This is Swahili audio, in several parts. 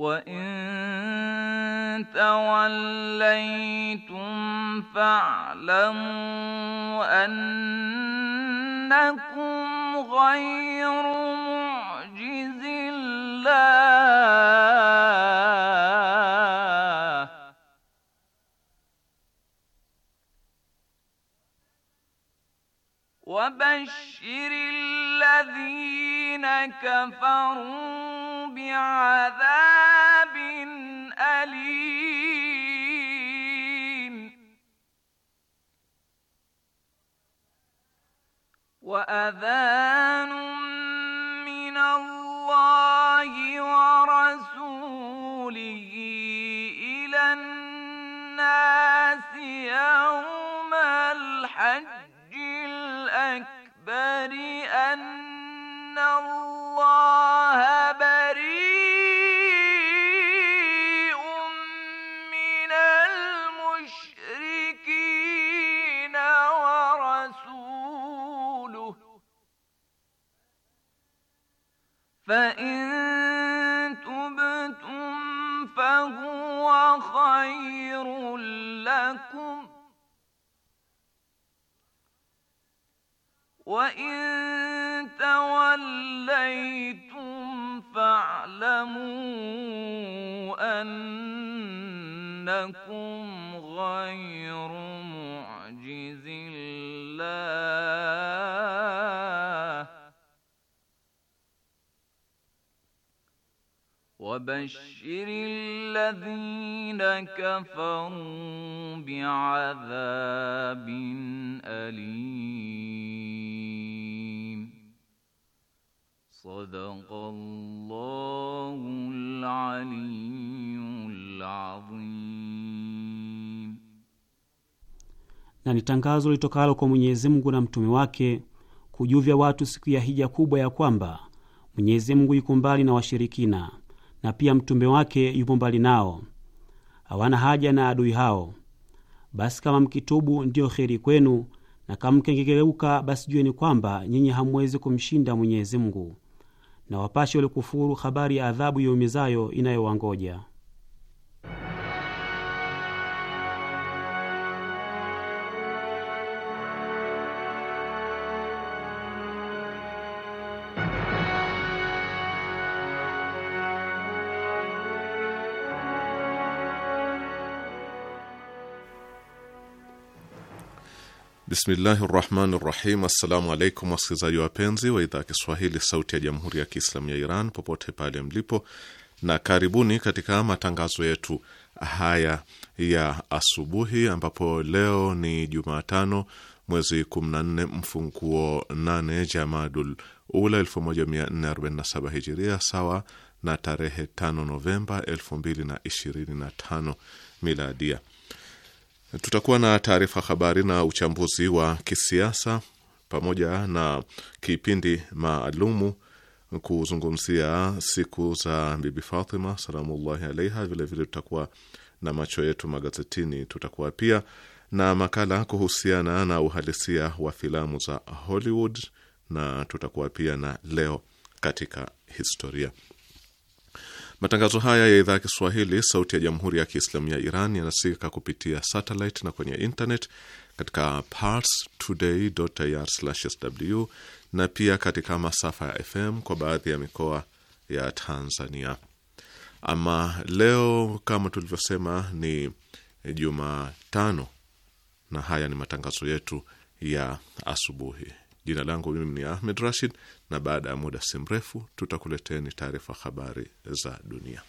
وإن توليتم فاعلموا أنكم غير معجز الله وبشر الذين الذين كفروا بعذاب أليم وأذان kafaru biadhabin alim. Sadaqallahul aliyyul adhim. Na ni tangazo litokalo kwa Mwenyezi Mungu na mtume wake kujuvya watu siku ya hija kubwa ya kwamba Mwenyezi Mungu yuko mbali na washirikina na pia mtume wake yupo mbali nao hawana haja na adui hao. Basi kama mkitubu ndiyo kheri kwenu, na kama mkengegeuka, basi jueni kwamba nyinyi hamwezi kumshinda Mwenyezi Mungu, na wapashe walikufuru habari ya adhabu yaumizayo inayowangoja. Bismillahi rahmani rahim. Assalamu alaikum wasikilizaji wapenzi wa idhaa ya Kiswahili sauti ya jamhuri ya Kiislamu ya Iran popote pale mlipo, na karibuni katika matangazo yetu haya ya asubuhi, ambapo leo ni Jumatano mwezi 14 mfunguo 8 Jamadul Ula 1447 Hijiria, sawa na tarehe 5 Novemba 2025 Miladia. Tutakuwa na taarifa habari na uchambuzi wa kisiasa pamoja na kipindi maalumu kuzungumzia siku za Bibi Fatima salamullahi alaiha. Vilevile tutakuwa na macho yetu magazetini. Tutakuwa pia na makala kuhusiana na uhalisia wa filamu za Hollywood na tutakuwa pia na leo katika historia. Matangazo haya ya idhaa ya Kiswahili sauti ya jamhuri ya Kiislamu ya Iran yanasikika kupitia satellite na kwenye internet katika parstoday.ir/sw na pia katika masafa ya FM kwa baadhi ya mikoa ya Tanzania. Ama leo kama tulivyosema, ni Jumatano na haya ni matangazo yetu ya asubuhi. Jina langu mimi ni Ahmed Rashid, na baada ya muda si mrefu tutakuleteni taarifa habari za dunia.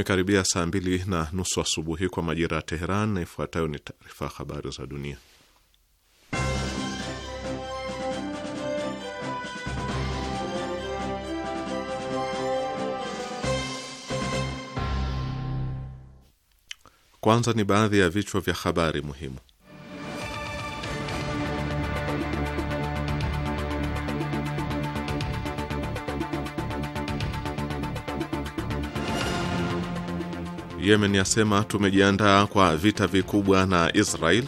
Imekaribia saa mbili na nusu asubuhi kwa majira ya Teheran, na ifuatayo ni taarifa ya habari za dunia. Kwanza ni baadhi ya vichwa vya habari muhimu. Yemen yasema tumejiandaa kwa vita vikubwa na Israel.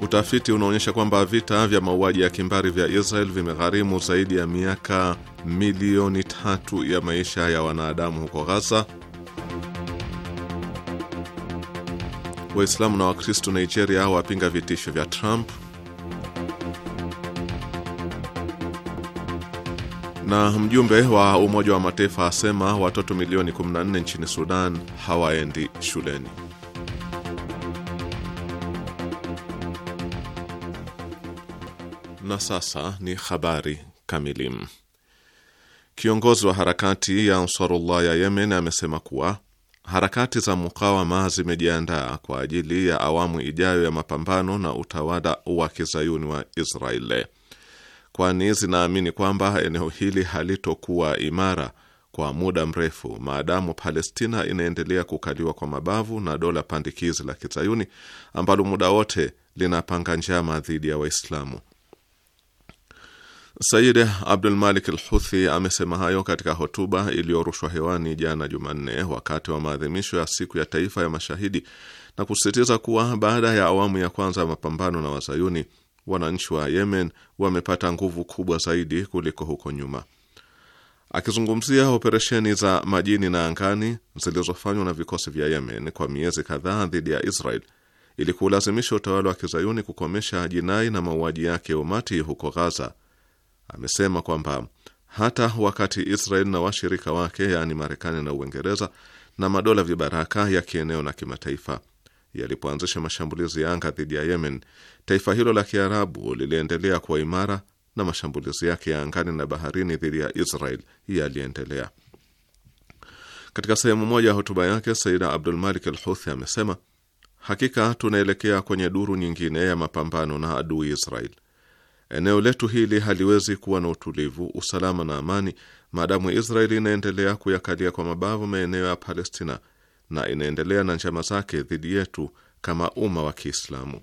Utafiti unaonyesha kwamba vita vya mauaji ya kimbari vya Israel vimegharimu zaidi ya miaka milioni tatu ya maisha ya wanadamu huko Gaza. Waislamu na Wakristo Nigeria wapinga vitisho vya Trump. Na mjumbe wa Umoja wa Mataifa asema watoto milioni 14 nchini Sudan hawaendi shuleni. Na sasa ni habari kamili. Kiongozi wa harakati ya Ansarullah ya Yemen amesema kuwa harakati za mukawama zimejiandaa kwa ajili ya awamu ijayo ya mapambano na utawala wa kizayuni wa Israeli kwani zinaamini kwamba eneo hili halitokuwa imara kwa muda mrefu maadamu Palestina inaendelea kukaliwa kwa mabavu na dola pandikizi la Kizayuni ambalo muda wote linapanga njama dhidi ya Waislamu. Sayid Abdul Malik al amesema hayo katika hotuba iliyorushwa hewani jana Jumanne wakati wa maadhimisho ya siku ya taifa ya mashahidi na kusisitiza kuwa baada ya awamu ya kwanza ya mapambano na Wazayuni wananchi wa Yemen wamepata nguvu kubwa zaidi kuliko huko nyuma. Akizungumzia operesheni za majini na angani zilizofanywa na vikosi vya Yemen kwa miezi kadhaa dhidi ya Israel ili kuulazimisha utawala wa kizayuni kukomesha jinai na mauaji yake ya umati huko Ghaza, amesema kwamba hata wakati Israel na washirika wake, yaani Marekani na Uingereza na madola vibaraka ya kieneo na kimataifa yalipoanzisha mashambulizi ya anga dhidi ya Yemen, taifa hilo la Kiarabu liliendelea kuwa imara na mashambulizi yake ya angani na baharini dhidi ya Israel yaliendelea. Katika sehemu moja ya hotuba yake, Saida Abdul Malik al Huthi amesema hakika tunaelekea kwenye duru nyingine ya mapambano na adui Israel. Eneo letu hili haliwezi kuwa na utulivu, usalama na amani maadamu Israeli inaendelea kuyakalia kwa mabavu maeneo ya Palestina na inaendelea na njama zake dhidi yetu kama umma wa Kiislamu.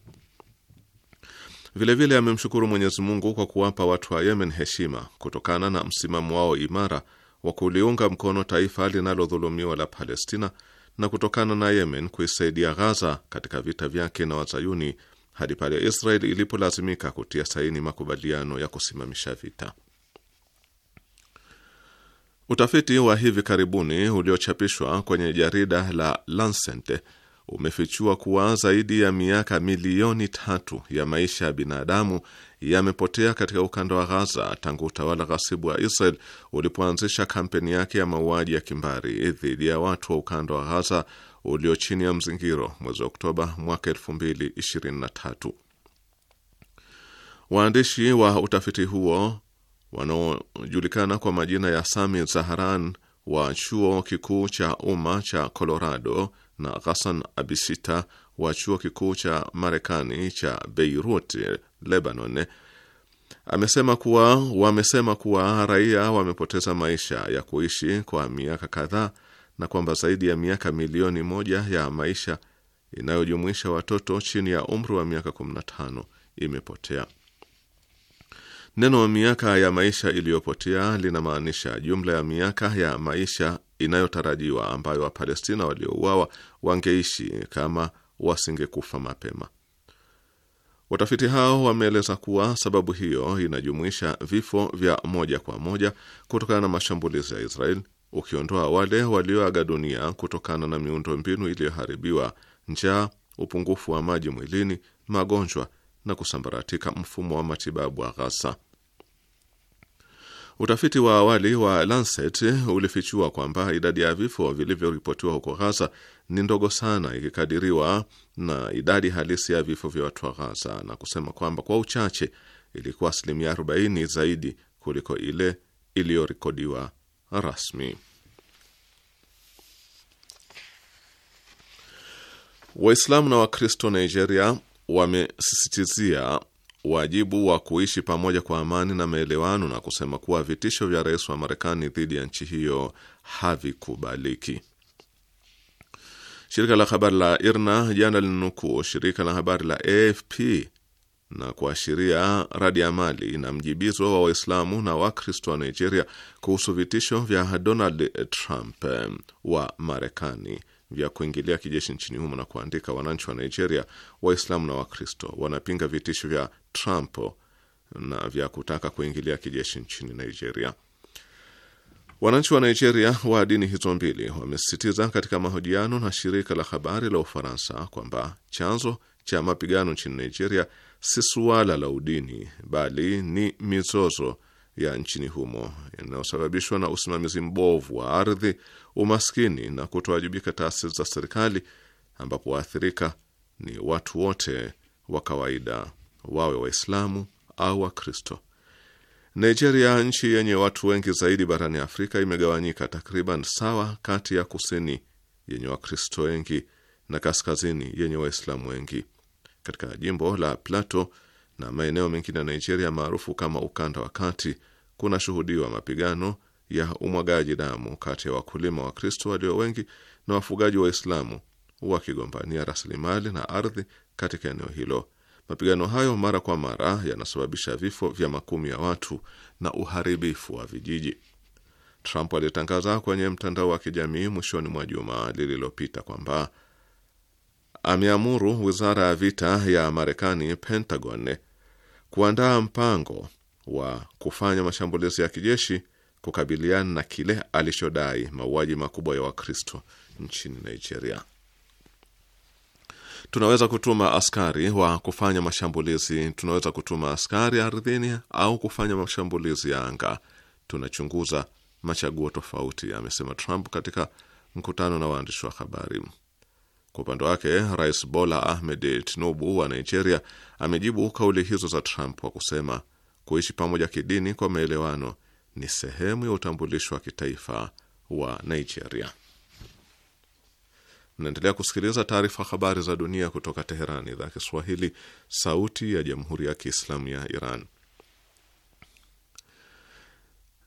Vilevile amemshukuru Mwenyezi Mungu kwa kuwapa watu wa Yemen heshima kutokana na msimamo wao imara wa kuliunga mkono taifa linalodhulumiwa la Palestina na kutokana na Yemen kuisaidia Ghaza katika vita vyake na Wazayuni hadi pale Israel ilipolazimika kutia saini makubaliano ya kusimamisha vita. Utafiti wa hivi karibuni uliochapishwa kwenye jarida la Lancet umefichua kuwa zaidi ya miaka milioni tatu ya maisha ya binadamu yamepotea katika ukanda wa Ghaza tangu utawala ghasibu wa Israel ulipoanzisha kampeni yake ya mauaji ya kimbari dhidi ya watu wa ukanda wa Ghaza ulio chini ya mzingiro mwezi Oktoba mwaka tatu. Waandishi wa utafiti huo wanaojulikana kwa majina ya Sami Zaharan wa chuo kikuu cha umma cha Colorado na Ghassan Abisita wa chuo kikuu cha Marekani cha Beirut, Lebanon, amesema kuwa wamesema kuwa raia wamepoteza maisha ya kuishi kwa miaka kadhaa na kwamba zaidi ya miaka milioni moja ya maisha inayojumuisha watoto chini ya umri wa miaka 15 imepotea. Neno miaka ya maisha iliyopotea linamaanisha jumla ya miaka ya maisha inayotarajiwa ambayo Wapalestina waliouawa wangeishi kama wasingekufa mapema. Watafiti hao wameeleza kuwa sababu hiyo inajumuisha vifo vya moja kwa moja kutokana na mashambulizi ya Israel, ukiondoa wale walioaga dunia kutokana na miundo mbinu iliyoharibiwa, njaa, upungufu wa maji mwilini, magonjwa na kusambaratika mfumo wa matibabu wa Ghaza. Utafiti wa awali wa Lancet ulifichua kwamba idadi ya vifo vilivyoripotiwa huko Ghaza ni ndogo sana ikikadiriwa na idadi halisi ya vifo vya watu wa Ghaza, na kusema kwamba kwa uchache ilikuwa asilimia 40 zaidi kuliko ile iliyorekodiwa rasmi. Waislamu na Wakristo Nigeria wamesisitizia wajibu wa kuishi pamoja kwa amani na maelewano na kusema kuwa vitisho vya rais wa Marekani dhidi ya nchi hiyo havikubaliki. Shirika la habari la IRNA jana linanukuu shirika la habari la AFP na kuashiria radi ya mali na mjibizo wa Waislamu na Wakristo wa Nigeria kuhusu vitisho vya Donald Trump wa Marekani vya kuingilia kijeshi nchini humo na kuandika, wananchi wa Nigeria, Waislamu na Wakristo wanapinga vitisho vya Trump na vya kutaka kuingilia kijeshi nchini Nigeria. Wananchi wa Nigeria wa dini hizo mbili wamesisitiza katika mahojiano na shirika la habari la Ufaransa kwamba chanzo cha mapigano nchini Nigeria si suala la udini, bali ni mizozo ya nchini humo yanayosababishwa na usimamizi mbovu wa ardhi, umaskini na kutowajibika taasisi za serikali, ambapo waathirika ni watu wote wa kawaida, wawe Waislamu au Wakristo. Nigeria, nchi yenye watu wengi zaidi barani Afrika, imegawanyika takriban sawa kati ya kusini yenye Wakristo wengi na kaskazini yenye Waislamu wengi. Katika jimbo la Plateau na maeneo mengine ya Nigeria maarufu kama ukanda wa kati, kuna mapigano ya umwagaji damu kati ya wakulima Wakristo walio wengi na wafugaji Waislamu wakigombania rasilimali na ardhi katika eneo hilo. Mapigano hayo mara kwa mara yanasababisha vifo vya makumi ya watu na uharibifu wa vijiji. Trump alitangaza kwenye mtandao wa kijamii mwishoni mwa juma lililopita kwamba ameamuru wizara ya vita ya Marekani, Pentagon, kuandaa mpango wa kufanya mashambulizi ya kijeshi kukabiliana na kile alichodai mauaji makubwa ya Wakristo nchini Nigeria. Tunaweza kutuma askari wa kufanya mashambulizi, tunaweza kutuma askari ardhini au kufanya mashambulizi ya anga. Tunachunguza machaguo tofauti, amesema Trump katika mkutano na waandishi wa habari. Kwa upande wake, Rais Bola Ahmed Tinubu wa Nigeria amejibu kauli hizo za Trump kwa kusema kuishi pamoja kidini kwa maelewano ni sehemu ya utambulisho wa kitaifa wa Nigeria. Mnaendelea kusikiliza taarifa habari za dunia kutoka teheran idhaa Kiswahili, sauti ya jamhuri ya kiislamu ya Iran.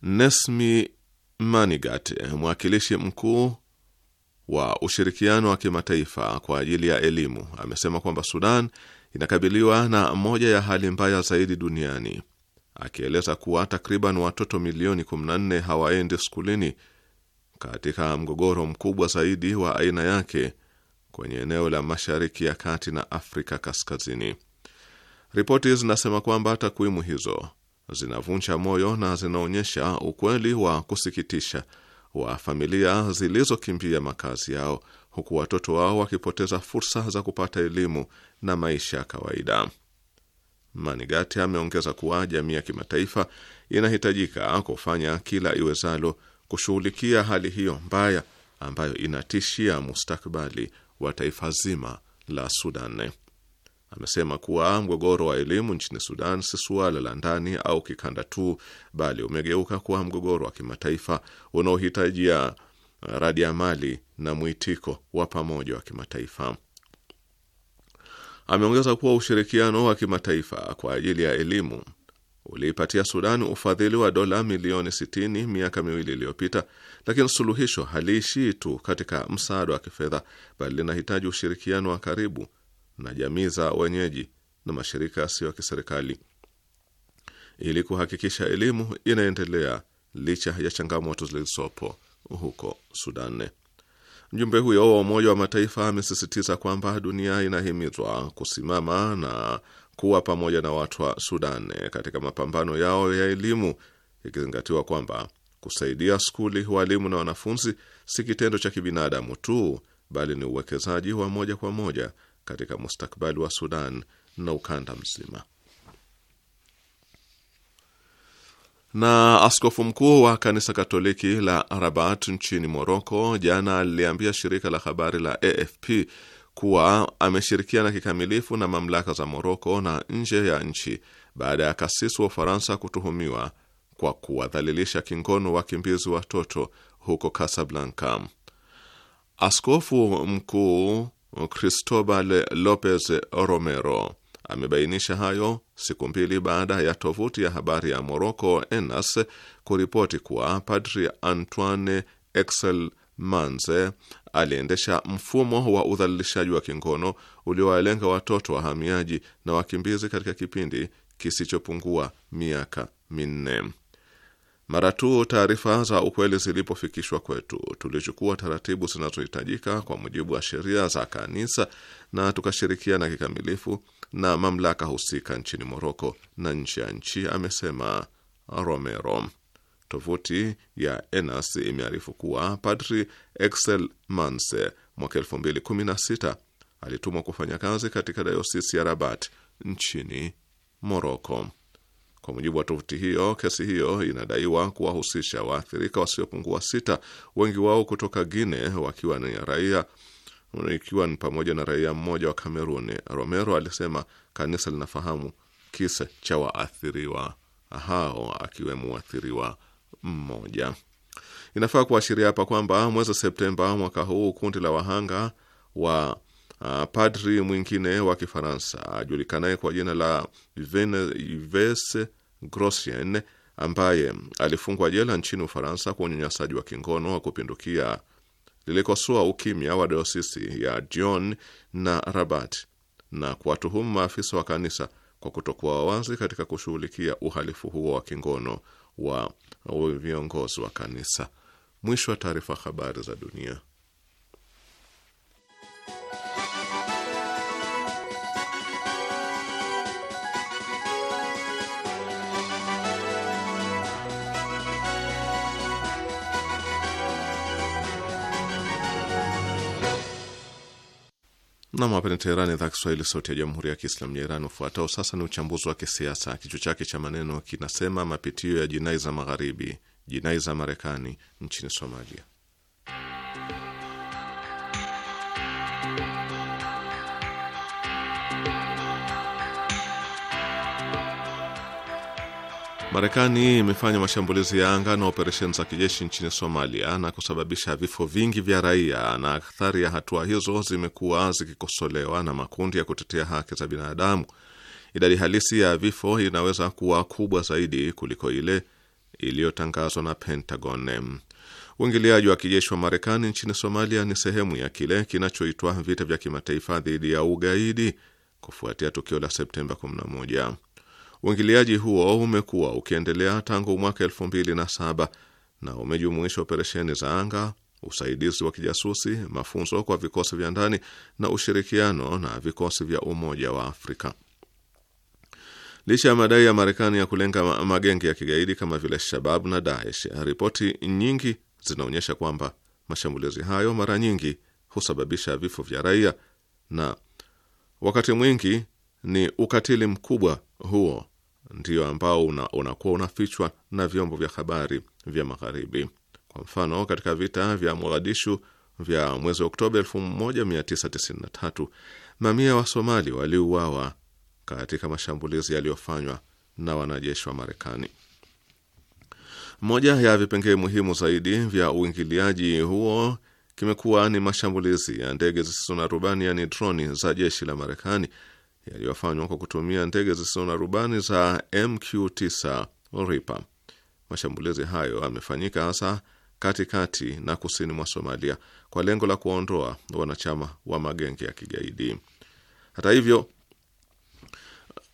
Nesmi Manigat, mwakilishi mkuu wa ushirikiano wa kimataifa kwa ajili ya elimu amesema kwamba Sudan inakabiliwa na moja ya hali mbaya zaidi duniani, akieleza kuwa takriban watoto milioni 14 hawaendi skulini katika mgogoro mkubwa zaidi wa aina yake kwenye eneo la Mashariki ya Kati na Afrika Kaskazini. Ripoti zinasema kwamba takwimu hizo zinavunja moyo na zinaonyesha ukweli wa kusikitisha wa familia zilizokimbia makazi yao, huku watoto wao wakipoteza fursa za kupata elimu na maisha ya kawaida. Manigati ameongeza kuwa jamii ya kimataifa inahitajika kufanya kila iwezalo kushughulikia hali hiyo mbaya ambayo inatishia mustakabali wa taifa zima la Sudan. Amesema kuwa mgogoro wa elimu nchini Sudan si suala la ndani au kikanda tu, bali umegeuka kuwa mgogoro wa kimataifa unaohitajia radiamali na mwitiko wa pamoja wa kimataifa. Ameongeza kuwa ushirikiano wa kimataifa kwa ajili ya elimu uliipatia Sudan ufadhili wa dola milioni 60 miaka miwili iliyopita, lakini suluhisho haliishii tu katika msaada wa kifedha, bali linahitaji ushirikiano wa karibu na jamii za wenyeji na mashirika yasiyo ya kiserikali ili kuhakikisha elimu inaendelea licha ya changamoto zilizopo huko Sudan. Mjumbe huyo wa Umoja wa Mataifa amesisitiza kwamba dunia inahimizwa kusimama na kuwa pamoja na watu wa Sudan katika mapambano yao ya elimu, ikizingatiwa kwamba kusaidia skuli, walimu na wanafunzi si kitendo cha kibinadamu tu, bali ni uwekezaji wa moja kwa moja katika mustakbali wa Sudan na ukanda mzima. Na askofu mkuu wa kanisa Katoliki la Rabat nchini Moroko jana aliliambia shirika la habari la AFP kuwa ameshirikiana kikamilifu na mamlaka za Moroko na nje ya nchi baada ya kasisi wa Ufaransa kutuhumiwa kwa kuwadhalilisha kingono wakimbizi watoto huko Casablanca. Askofu mkuu Cristobal Lopez Romero amebainisha hayo siku mbili baada ya tovuti ya habari ya Morocco Enas kuripoti kuwa Padri Antoine Excel Manze aliendesha mfumo wa udhalilishaji wa kingono uliowalenga watoto wahamiaji na wakimbizi katika kipindi kisichopungua miaka minne. Mara tu taarifa za ukweli zilipofikishwa kwetu, tulichukua taratibu zinazohitajika kwa mujibu wa sheria za kanisa na tukashirikiana kikamilifu na mamlaka husika nchini Moroko na nje ya nchi, amesema Romero. Tovuti ya ENAS imearifu kuwa Padri Excel Manse mwaka sita alitumwa kufanya kazi katika dayosisi ya Rabat nchini Moroko. Kwa mujibu wa tovuti hiyo, kesi hiyo inadaiwa kuwahusisha waathirika wasiopungua sita, wengi wao kutoka Guine, wakiwa ni raia ikiwa ni pamoja na raia mmoja wa Kameruni. Romero alisema kanisa linafahamu kisa cha waathiriwa hao akiwemo waathiriwa mmoja. Inafaa kuashiria hapa kwamba mwezi Septemba mwaka huu kundi la wahanga wa uh, padri mwingine wa Kifaransa ajulikanaye kwa jina la Yves Grosjean ambaye alifungwa jela nchini Ufaransa kwa unyanyasaji wa kingono wa kupindukia lilikosoa ukimya wa dayosisi ya Dijon na Rabat na kuwatuhumu maafisa wa kanisa kwa kutokuwa wawazi katika kushughulikia uhalifu huo wa kingono wa viongozi wa kanisa. Mwisho wa taarifa. Habari za dunia. Nam, hapa ni Teherani, idhaa Kiswahili, sauti ya jamhuri ya kiislamu ya Iran. Ufuatao sasa ni uchambuzi wa kisiasa, kichwa chake cha maneno kinasema mapitio ya jinai za Magharibi, jinai za Marekani nchini Somalia. Marekani imefanya mashambulizi ya anga na operesheni za kijeshi nchini Somalia na kusababisha vifo vingi vya raia, na athari ya hatua hizo zimekuwa zikikosolewa na makundi ya kutetea haki za binadamu. Idadi halisi ya vifo inaweza kuwa kubwa zaidi kuliko ile iliyotangazwa na Pentagon. Uingiliaji wa kijeshi wa Marekani nchini Somalia ni sehemu ya kile kinachoitwa vita vya kimataifa dhidi ya ugaidi kufuatia tukio la Septemba 11. Uingiliaji huo umekuwa ukiendelea tangu mwaka elfu mbili na saba na umejumuisha operesheni za anga, usaidizi wa kijasusi, mafunzo kwa vikosi vya ndani na ushirikiano na vikosi vya Umoja wa Afrika. Licha ya madai ya Marekani ya kulenga magenge ya kigaidi kama vile Shabab na Daesh, ripoti nyingi zinaonyesha kwamba mashambulizi hayo mara nyingi husababisha vifo vya raia na wakati mwingi ni ukatili mkubwa huo ndio ambao unakuwa una unafichwa na vyombo vya habari vya Magharibi. Kwa mfano, katika vita vya Mogadishu vya mwezi Oktoba 1993 mamia wa Somali waliuawa katika mashambulizi yaliyofanywa na wanajeshi wa Marekani. Moja ya vipengee muhimu zaidi vya uingiliaji huo kimekuwa ni mashambulizi ya ndege zisizo na rubani, yani droni za jeshi la Marekani yaliyofanywa kwa kutumia ndege zisizo na rubani za MQ9 Reaper. Mashambulizi hayo yamefanyika hasa katikati na kusini mwa Somalia kwa lengo la kuwaondoa wanachama wa magenge ya kigaidi. Hata hivyo,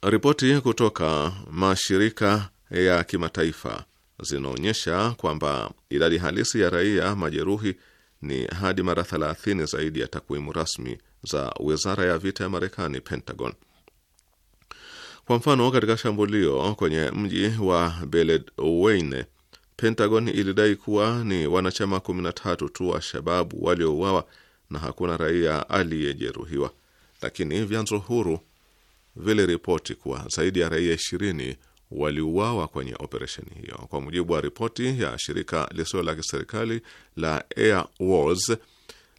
ripoti kutoka mashirika ya kimataifa zinaonyesha kwamba idadi halisi ya raia majeruhi ni hadi mara 30 zaidi ya takwimu rasmi za wizara ya vita ya Marekani, Pentagon. Kwa mfano, katika shambulio kwenye mji wa Beledweyne, Pentagon ilidai kuwa ni wanachama 13 tu wa Shababu waliouawa na hakuna raia aliyejeruhiwa, lakini vyanzo huru viliripoti kuwa zaidi ya raia 20 waliuawa kwenye operesheni hiyo. Kwa mujibu wa ripoti ya shirika lisilo la kiserikali la Air Wars,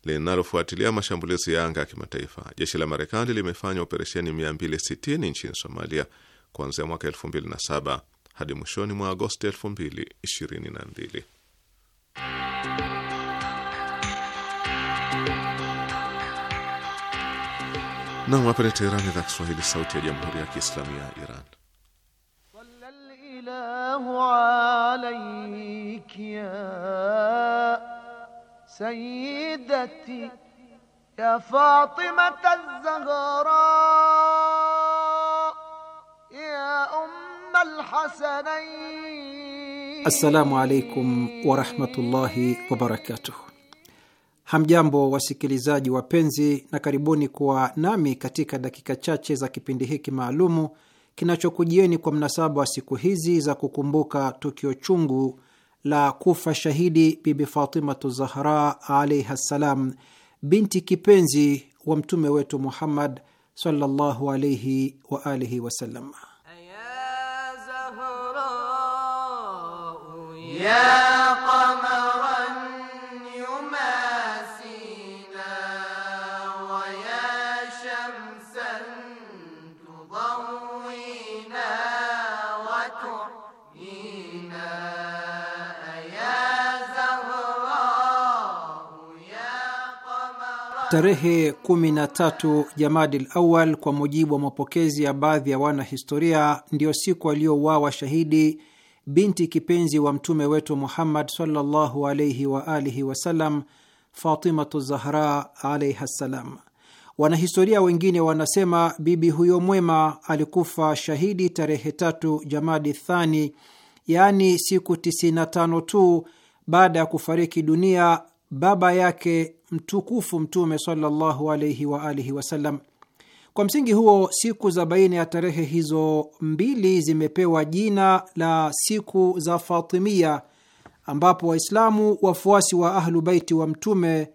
linalofuatilia mashambulizi ya anga ya kimataifa, jeshi la Marekani limefanya operesheni 260 nchini Somalia kuanzia mwaka 2007 hadi mwishoni mwa Agosti 2022. Nam, hapa ni Teherani, idhaa Kiswahili, sauti ya jamhuri ya kiislamu ya Iran. Sallallahu ya سيدتي يا فاطمة الزهراء يا أم الحسنين السلام عليكم ورحمة الله وبركاته Hamjambo wasikilizaji wapenzi, na karibuni kuwa nami katika dakika chache za kipindi hiki maalumu kinachokujieni kwa mnasaba wa siku hizi za kukumbuka tukio chungu la kufa shahidi Bibi Fatimatu Zahra alaiha ssalam, binti kipenzi wa mtume wetu Muhammad sallallahu alaihi wa alihi wasallam. Tarehe 13 Jamadi Lawal, kwa mujibu wa mapokezi ya baadhi ya wanahistoria, ndiyo siku aliyouawa shahidi binti kipenzi wa mtume wetu Muhammad sallallahu alaihi wa alihi wasallam, Fatimatu Zahra alaiha ssalam. Wanahistoria wengine wanasema bibi huyo mwema alikufa shahidi tarehe tatu Jamadi Thani, yaani siku 95 tu baada ya kufariki dunia baba yake mtukufu Mtume sallallahu alaihi wa alihi wasallam. Kwa msingi huo, siku za baina ya tarehe hizo mbili zimepewa jina la siku za Fatimia, ambapo Waislamu wafuasi wa Ahlu Baiti wa Mtume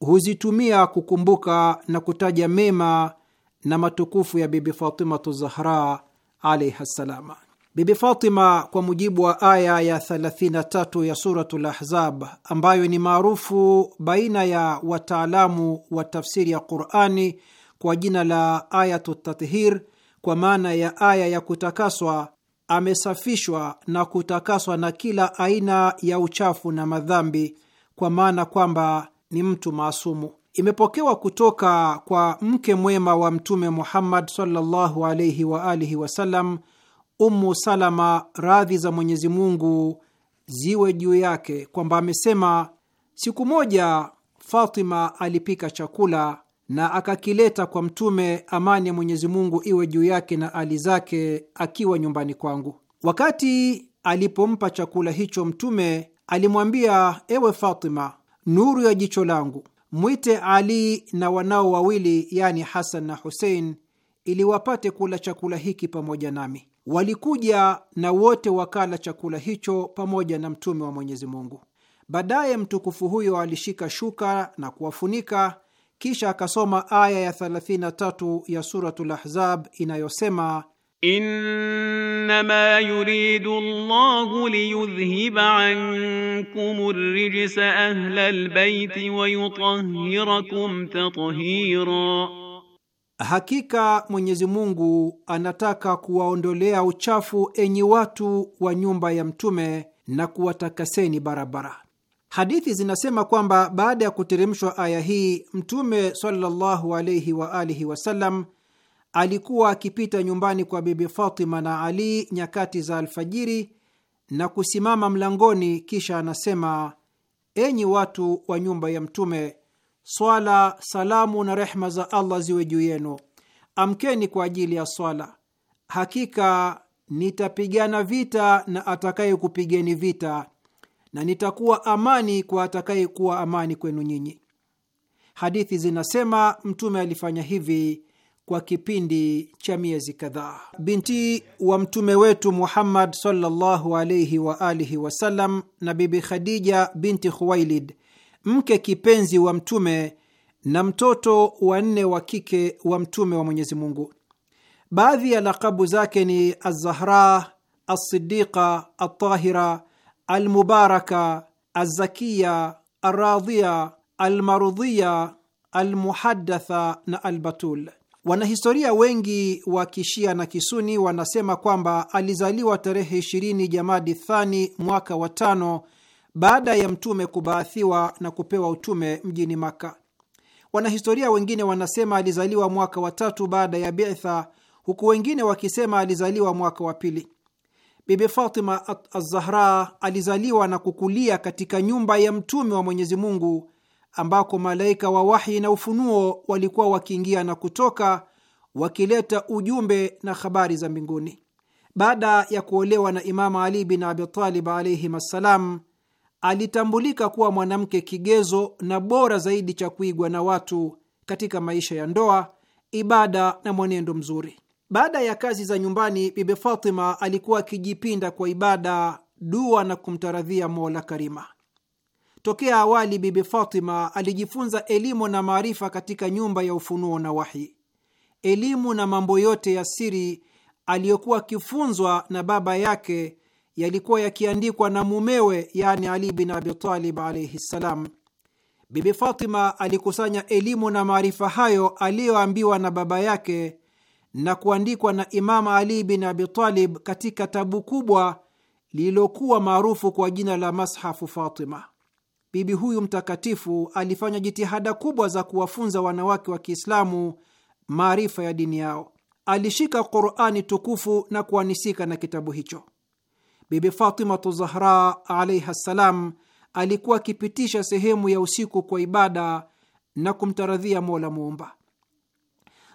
huzitumia kukumbuka na kutaja mema na matukufu ya Bibi Fatimatu Zahra alaihi ssalama. Bibi Fatima, kwa mujibu wa aya ya 33 ya Suratul Ahzab ambayo ni maarufu baina ya wataalamu wa tafsiri ya Qurani kwa jina la Ayatu Tathhir, kwa maana ya aya ya kutakaswa, amesafishwa na kutakaswa na kila aina ya uchafu na madhambi, kwa maana kwamba ni mtu maasumu. Imepokewa kutoka kwa mke mwema wa Mtume Muhammad sallallahu alaihi waalihi wasalam umu Salama, radhi za Mwenyezi Mungu ziwe juu yake, kwamba amesema, siku moja Fatima alipika chakula na akakileta kwa Mtume, amani ya Mwenyezi Mungu iwe juu yake na ali zake, akiwa nyumbani kwangu. Wakati alipompa chakula hicho, Mtume alimwambia, ewe Fatima, nuru ya jicho langu, mwite Ali na wanao wawili, yani Hasan na Husein, ili wapate kula chakula hiki pamoja nami walikuja na wote wakala chakula hicho pamoja na mtume wa Mwenyezi Mungu. Baadaye mtukufu huyo alishika shuka na kuwafunika, kisha akasoma aya ya 33 ya Suratul Ahzab inayosema Innama yuridu Allahu liyudhhiba ankum rijsa ahla albayti wa yutahhirakum tathira Hakika Mwenyezi Mungu anataka kuwaondolea uchafu enyi watu wa nyumba ya Mtume na kuwatakaseni barabara. Hadithi zinasema kwamba baada ya kuteremshwa aya hii, Mtume sallallahu alayhi wa alihi wasallam alikuwa akipita nyumbani kwa Bibi Fatima na Ali nyakati za alfajiri na kusimama mlangoni, kisha anasema: enyi watu wa nyumba ya Mtume, Swala, salamu na rehma za Allah ziwe juu yenu. Amkeni kwa ajili ya swala. Hakika nitapigana vita na atakaye kupigeni vita, na nitakuwa amani kwa atakaye kuwa amani kwenu nyinyi. Hadithi zinasema Mtume alifanya hivi kwa kipindi cha miezi kadhaa. Binti wa mtume wetu Muhammad sallallahu alaihi wa alihi wasallam na Bibi Khadija binti Khuwailid mke kipenzi wa Mtume na mtoto wa nne wa kike wa Mtume wa Mwenyezi Mungu. Baadhi ya lakabu zake ni Azahra, Alsidiqa, Altahira, Almubaraka, Alzakiya, Alradhiya, Almarudhiya, Almuhadatha na Albatul. Wanahistoria wengi wa Kishia na Kisuni wanasema kwamba alizaliwa tarehe 20 Jamadi Thani mwaka wa tano baada ya mtume kubaathiwa na kupewa utume mjini Makka. Wanahistoria wengine wanasema alizaliwa mwaka wa tatu baada ya bitha, huku wengine wakisema alizaliwa mwaka wa pili. Bibi Fatima Azzahra alizaliwa na kukulia katika nyumba ya mtume wa Mwenyezi Mungu ambako malaika wa wahi na ufunuo walikuwa wakiingia na kutoka wakileta ujumbe na habari za mbinguni. Baada ya kuolewa na Imamu Ali bin Abi Talib alaihim assalam alitambulika kuwa mwanamke kigezo na bora zaidi cha kuigwa na watu katika maisha ya ndoa, ibada na mwenendo mzuri. Baada ya kazi za nyumbani, Bibi Fatima alikuwa akijipinda kwa ibada, dua na kumtaradhia Mola Karima. Tokea awali, Bibi Fatima alijifunza elimu na maarifa katika nyumba ya ufunuo na wahi. Elimu na mambo yote ya siri aliyokuwa akifunzwa na baba yake yalikuwa yakiandikwa na mumewe, yani Ali bin Abi Talib alaihi ssalam. Bibi Fatima alikusanya elimu na maarifa hayo aliyoambiwa na baba yake na kuandikwa na Imamu Ali bin Abi Talib katika tabu kubwa lililokuwa maarufu kwa jina la Mashafu Fatima. Bibi huyu mtakatifu alifanya jitihada kubwa za kuwafunza wanawake wa Kiislamu maarifa ya dini yao. Alishika Qurani tukufu na kuanisika na kitabu hicho. Bibi Fatimatu Zahra alaiha ssalam alikuwa akipitisha sehemu ya usiku kwa ibada na kumtaradhia Mola Muumba.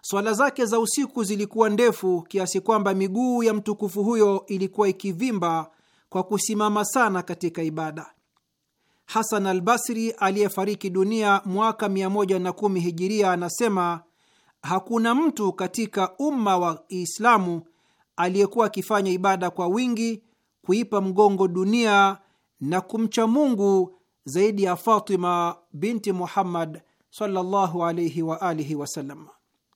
Swala zake za usiku zilikuwa ndefu kiasi kwamba miguu ya mtukufu huyo ilikuwa ikivimba kwa kusimama sana katika ibada. Hasan al Basri aliyefariki dunia mwaka 110 Hijiria anasema hakuna mtu katika umma wa Islamu aliyekuwa akifanya ibada kwa wingi kuipa mgongo dunia na kumcha Mungu zaidi ya Fatima binti Muhammad sallallahu alayhi wa alihi wasallam.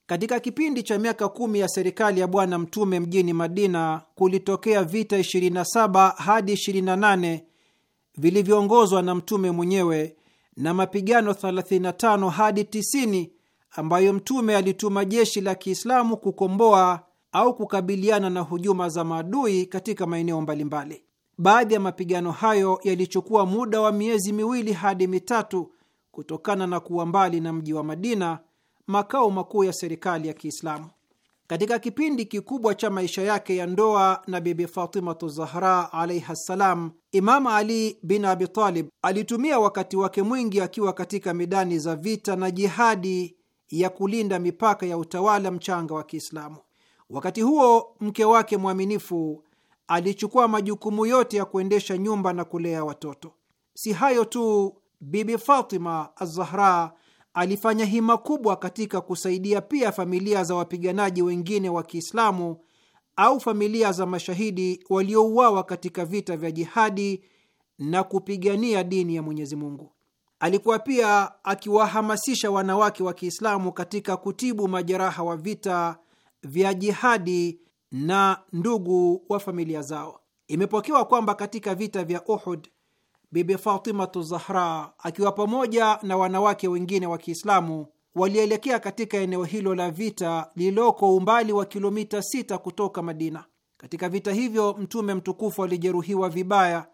Katika kipindi cha miaka kumi ya serikali ya Bwana Mtume mjini Madina kulitokea vita 27 hadi 28 vilivyoongozwa na Mtume mwenyewe na mapigano 35 hadi 90 ambayo Mtume alituma jeshi la Kiislamu kukomboa au kukabiliana na hujuma za maadui katika maeneo mbalimbali. Baadhi ya mapigano hayo yalichukua muda wa miezi miwili hadi mitatu kutokana na kuwa mbali na mji wa Madina, makao makuu ya serikali ya Kiislamu. Katika kipindi kikubwa cha maisha yake ya ndoa na Bibi Fatimatu Zahra alaiha ssalam, Imamu Ali bin Abi Talib alitumia wakati wake mwingi akiwa katika midani za vita na jihadi ya kulinda mipaka ya utawala mchanga wa Kiislamu. Wakati huo mke wake mwaminifu alichukua majukumu yote ya kuendesha nyumba na kulea watoto. Si hayo tu, Bibi Fatima azzahra alifanya hima kubwa katika kusaidia pia familia za wapiganaji wengine wa Kiislamu au familia za mashahidi waliouawa katika vita vya jihadi na kupigania dini ya Mwenyezi Mungu. Alikuwa pia akiwahamasisha wanawake wa Kiislamu katika kutibu majeraha wa vita vya jihadi na ndugu wa familia zao. Imepokewa kwamba katika vita vya Uhud, Bibi Fatimatu Zahra akiwa pamoja na wanawake wengine wa Kiislamu walielekea katika eneo hilo la vita lililoko umbali wa kilomita sita kutoka Madina. Katika vita hivyo Mtume mtukufu alijeruhiwa vibaya,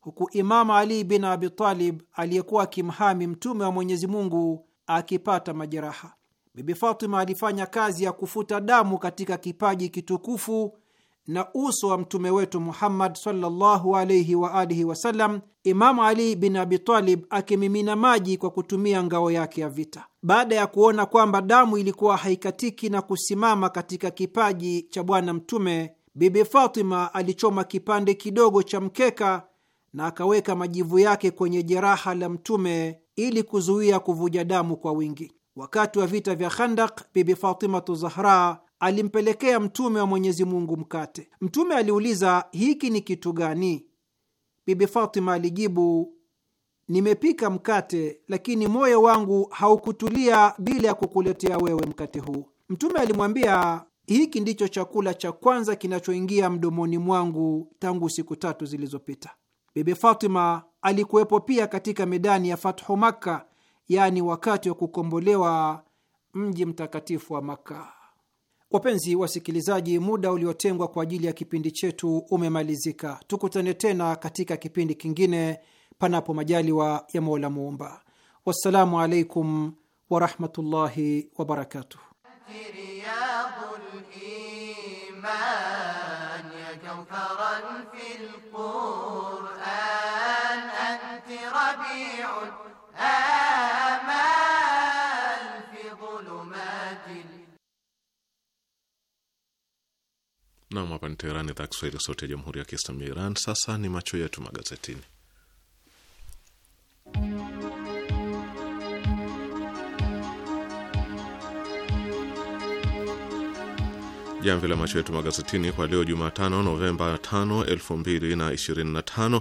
huku Imamu Ali bin Abi Talib aliyekuwa akimhami Mtume wa Mwenyezi Mungu akipata majeraha. Bibi Fatima alifanya kazi ya kufuta damu katika kipaji kitukufu na uso wa mtume wetu Muhammad sallallahu alaihi wa alihi wasallam, Imamu Ali bin Abitalib akimimina maji kwa kutumia ngao yake ya vita. Baada ya kuona kwamba damu ilikuwa haikatiki na kusimama katika kipaji cha bwana mtume, Bibi Fatima alichoma kipande kidogo cha mkeka na akaweka majivu yake kwenye jeraha la mtume ili kuzuia kuvuja damu kwa wingi. Wakati wa vita vya Khandak, Bibi Fatimatu Zahra alimpelekea Mtume wa Mwenyezi Mungu mkate. Mtume aliuliza, hiki ni kitu gani? Bibi Fatima alijibu, nimepika mkate, lakini moyo wangu haukutulia bila ya kukuletea wewe mkate huu. Mtume alimwambia, hiki ndicho chakula cha kwanza kinachoingia mdomoni mwangu tangu siku tatu zilizopita. Bibi Fatima alikuwepo pia katika medani ya Fathu Makka yaani wakati wa kukombolewa mji mtakatifu wa Makka. Wapenzi wasikilizaji, muda uliotengwa kwa ajili ya kipindi chetu umemalizika. Tukutane tena katika kipindi kingine, panapo majaliwa ya Mola Muumba. Wassalamu alaikum warahmatullahi wabarakatuh. Nam, hapa ni Teherani, idhaa Kiswahili, sauti ya jamhuri ya kiislamu ya Iran. Sasa ni macho yetu magazetini. Jamvi la macho yetu magazetini kwa leo Jumatano, Novemba 5, 2025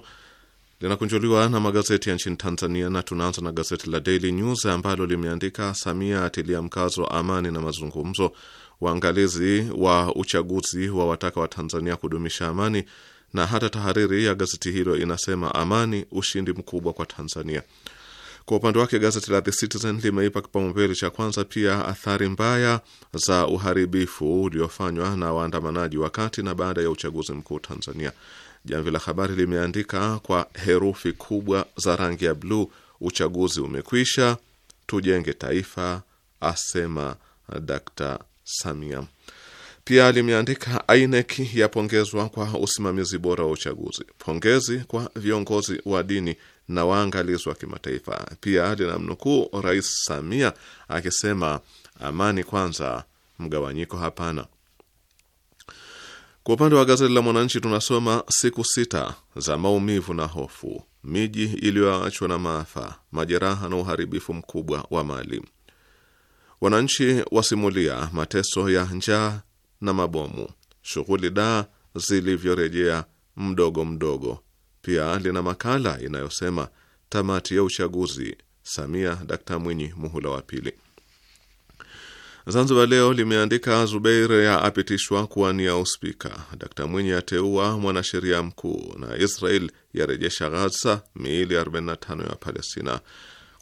linakunjuliwa na magazeti ya nchini Tanzania, na tunaanza na gazeti la Daily News ambalo limeandika Samia atilia mkazo amani na mazungumzo waangalizi wa uchaguzi wa wataka wa Tanzania kudumisha amani, na hata tahariri ya gazeti hilo inasema amani, ushindi mkubwa kwa Tanzania. Kwa upande wake gazeti la The Citizen limeipa kipaumbele cha kwanza pia athari mbaya za uharibifu uliofanywa na waandamanaji wakati na baada ya uchaguzi mkuu Tanzania. Jamvi la Habari limeandika kwa herufi kubwa za rangi ya bluu, uchaguzi umekwisha, tujenge taifa, asema Dr. Samia. Pia limeandika INEC yapongezwa kwa usimamizi bora wa uchaguzi, pongezi kwa viongozi wa dini na waangalizi wa kimataifa. Pia linamnukuu Rais Samia akisema amani kwanza, mgawanyiko hapana. Kwa upande wa gazeti la Mwananchi tunasoma siku sita za maumivu na hofu, miji iliyoachwa na maafa, majeraha na uharibifu mkubwa wa mali Wananchi wasimulia mateso ya njaa na mabomu. Shughuli daa zilivyorejea mdogo mdogo. Pia lina makala inayosema tamati ya uchaguzi, Samia Dkt Mwinyi muhula wa pili. Zanzibar Leo limeandika Zubeir ya apitishwa kuwania uspika, Dkt Mwinyi ateua mwanasheria mkuu, na Israel yarejesha Ghaza miili 45 ya Palestina.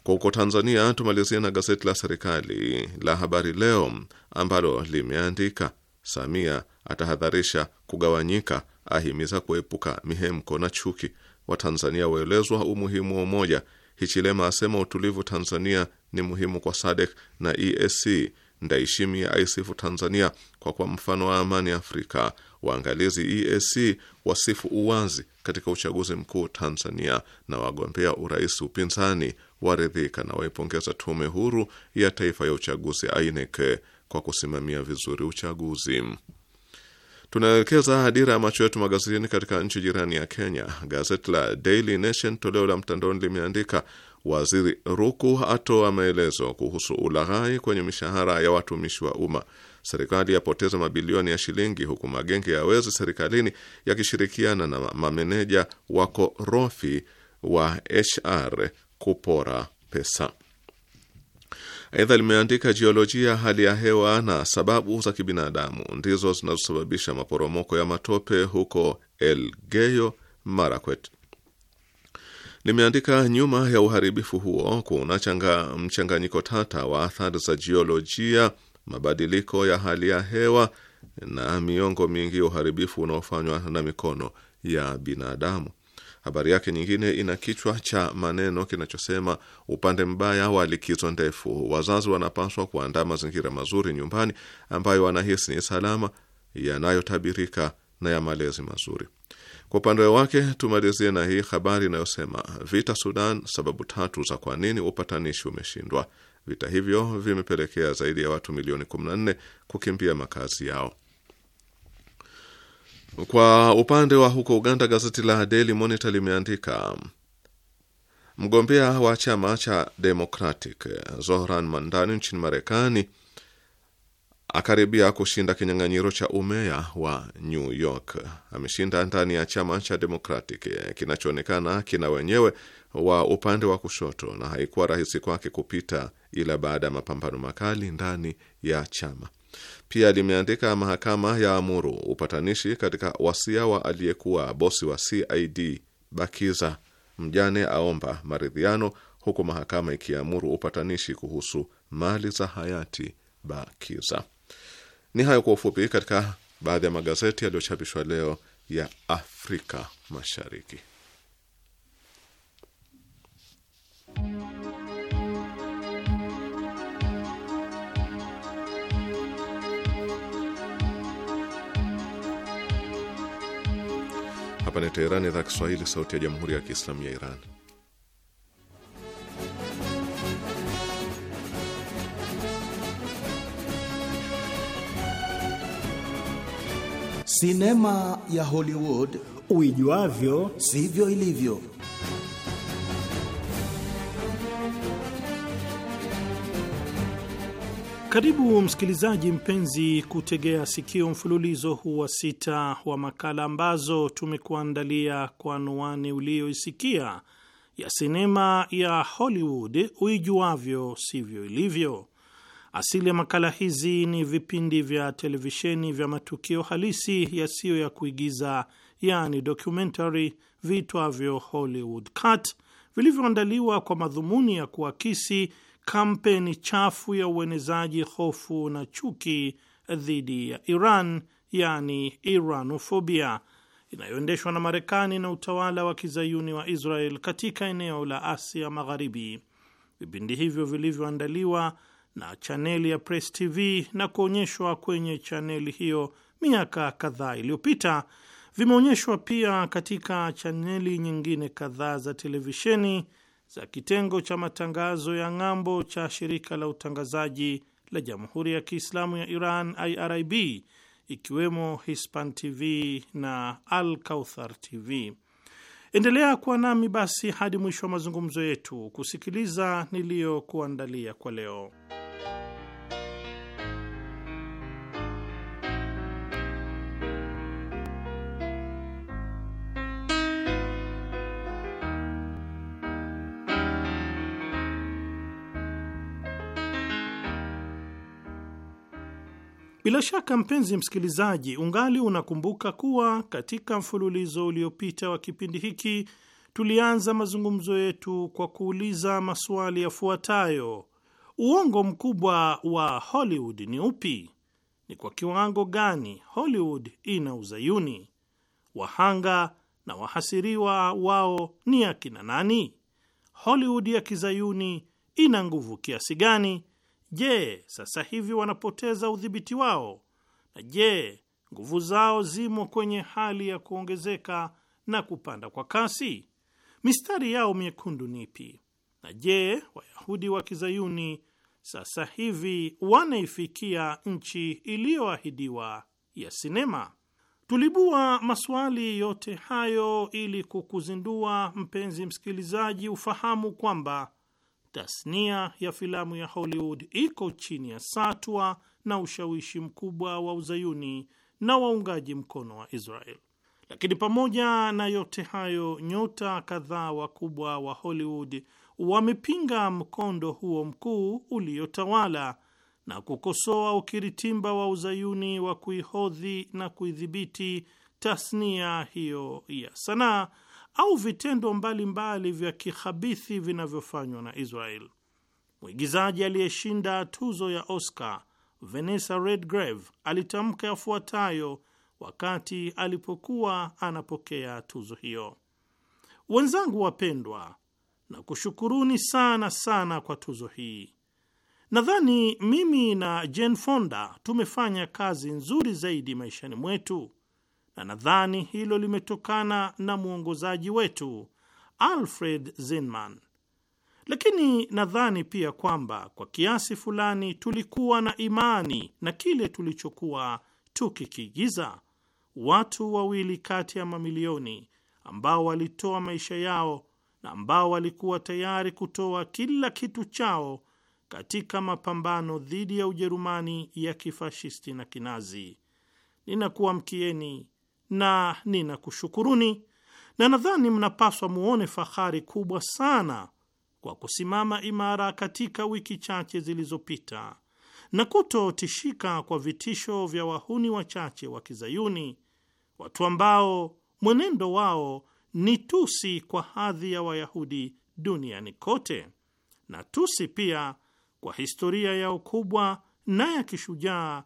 Kwa huko Tanzania, tumalizia na gazeti la serikali la Habari Leo ambalo limeandika Samia atahadharisha kugawanyika, ahimiza kuepuka mihemko na chuki. Watanzania waelezwa umuhimu wa umoja. Hichilema asema utulivu Tanzania ni muhimu kwa SADC na EAC. Ndaishimia aisifu Tanzania kwa kwa mfano wa amani Afrika. Waangalizi EAC wasifu uwazi katika uchaguzi mkuu Tanzania, na wagombea urais upinzani waridhika na waipongeza Tume Huru ya Taifa ya Uchaguzi INEC kwa kusimamia vizuri uchaguzi. Tunaelekeza hadira ya macho yetu magazetini katika nchi jirani ya Kenya. Gazeti la Daily Nation toleo la mtandaoni limeandika Waziri Ruku atoa maelezo kuhusu ulaghai kwenye mishahara ya watumishi wa umma. Serikali yapoteza mabilioni ya shilingi, huku magenge ya wezi serikalini yakishirikiana na mameneja wakorofi wa HR kupora pesa. Aidha limeandika jiolojia, hali ya hewa na sababu za kibinadamu ndizo zinazosababisha maporomoko ya matope huko Elgeyo Marakwet. Limeandika nyuma ya uharibifu huo kuna changa mchanganyiko tata wa athari za jiolojia, mabadiliko ya hali ya hewa na miongo mingi ya uharibifu unaofanywa na mikono ya binadamu. Habari yake nyingine ina kichwa cha maneno kinachosema upande mbaya wa likizo ndefu, wazazi wanapaswa kuandaa mazingira mazuri nyumbani ambayo wanahisi ni salama, yanayotabirika na ya malezi mazuri. Kwa upande wake tumalizie na hii habari inayosema vita Sudan, sababu tatu za kwa nini upatanishi umeshindwa. Vita hivyo vimepelekea zaidi ya watu milioni 14 kukimbia makazi yao. Kwa upande wa huko Uganda, gazeti la Daily Monitor limeandika mgombea wa chama cha Democratic Zohran Mandani nchini Marekani akaribia kushinda kinyang'anyiro cha umeya wa New York. Ameshinda ndani ya chama cha Democratic kinachoonekana kina wenyewe wa upande wa kushoto, na haikuwa rahisi kwake kupita, ila baada ya mapambano makali ndani ya chama. Pia limeandika mahakama ya amuru upatanishi katika wasia wa aliyekuwa bosi wa CID Bakiza, mjane aomba maridhiano, huku mahakama ikiamuru upatanishi kuhusu mali za hayati Bakiza. Ni hayo kwa ufupi katika baadhi ya magazeti yaliyochapishwa leo ya Afrika Mashariki. Hapa ni Teherani, idhaa Kiswahili, sauti ya jamhuri ya kiislamu ya Iran. Sinema ya Hollywood uijuavyo sivyo ilivyo. Karibu msikilizaji mpenzi kutegea sikio mfululizo huu wa sita wa makala ambazo tumekuandalia kwa anwani uliyoisikia ya sinema ya Hollywood uijuavyo sivyo ilivyo. Asili ya makala hizi ni vipindi vya televisheni vya matukio halisi yasiyo ya kuigiza, yani documentary, viitwavyo Hollywood Cut, vilivyoandaliwa kwa madhumuni ya kuakisi kampeni chafu ya uenezaji hofu na chuki dhidi ya Iran, yani Iranofobia, inayoendeshwa na Marekani na utawala wa kizayuni wa Israel katika eneo la Asia Magharibi. Vipindi hivyo vilivyoandaliwa na chaneli ya Press TV na kuonyeshwa kwenye chaneli hiyo miaka kadhaa iliyopita vimeonyeshwa pia katika chaneli nyingine kadhaa za televisheni za kitengo cha matangazo ya ng'ambo cha shirika la utangazaji la Jamhuri ya Kiislamu ya Iran IRIB ikiwemo Hispan TV na Al Kauthar TV. Endelea kuwa nami basi hadi mwisho wa mazungumzo yetu kusikiliza niliyokuandalia kwa leo. Bila shaka mpenzi msikilizaji, ungali unakumbuka kuwa katika mfululizo uliopita wa kipindi hiki tulianza mazungumzo yetu kwa kuuliza maswali yafuatayo: uongo mkubwa wa Hollywood ni upi? Ni kwa kiwango gani Hollywood ina uzayuni? Wahanga na wahasiriwa wao ni akina nani? Hollywood ya kizayuni ina nguvu kiasi gani? Je, sasa hivi wanapoteza udhibiti wao? Na je, nguvu zao zimo kwenye hali ya kuongezeka na kupanda kwa kasi? Mistari yao miekundu ni ipi? Na je, Wayahudi wa Kizayuni sasa hivi wanaifikia nchi iliyoahidiwa ya sinema? Tulibua maswali yote hayo ili kukuzindua mpenzi msikilizaji, ufahamu kwamba tasnia ya filamu ya Hollywood iko chini ya satwa na ushawishi mkubwa wa uzayuni na waungaji mkono wa Israel. Lakini pamoja na yote hayo, nyota kadhaa wakubwa wa Hollywood wamepinga mkondo huo mkuu uliotawala na kukosoa ukiritimba wa uzayuni wa kuihodhi na kuidhibiti tasnia hiyo ya sanaa au vitendo mbalimbali mbali vya kihabithi vinavyofanywa na Israel. Mwigizaji aliyeshinda tuzo ya Oscar Vanessa Redgrave alitamka yafuatayo wakati alipokuwa anapokea tuzo hiyo: wenzangu wapendwa, na kushukuruni sana sana kwa tuzo hii. Nadhani mimi na Jane Fonda tumefanya kazi nzuri zaidi maishani mwetu na nadhani hilo limetokana na mwongozaji wetu Alfred Zinman, lakini nadhani pia kwamba kwa kiasi fulani tulikuwa na imani na kile tulichokuwa tukikiigiza. Watu wawili kati ya mamilioni ambao walitoa maisha yao na ambao walikuwa tayari kutoa kila kitu chao katika mapambano dhidi ya Ujerumani ya kifashisti na kinazi. Ninakuamkieni na ninakushukuruni, na nadhani mnapaswa muone fahari kubwa sana kwa kusimama imara katika wiki chache zilizopita na kutotishika kwa vitisho vya wahuni wachache wa Kizayuni, watu ambao mwenendo wao ni tusi kwa hadhi ya Wayahudi duniani kote na tusi pia kwa historia yao kubwa na ya kishujaa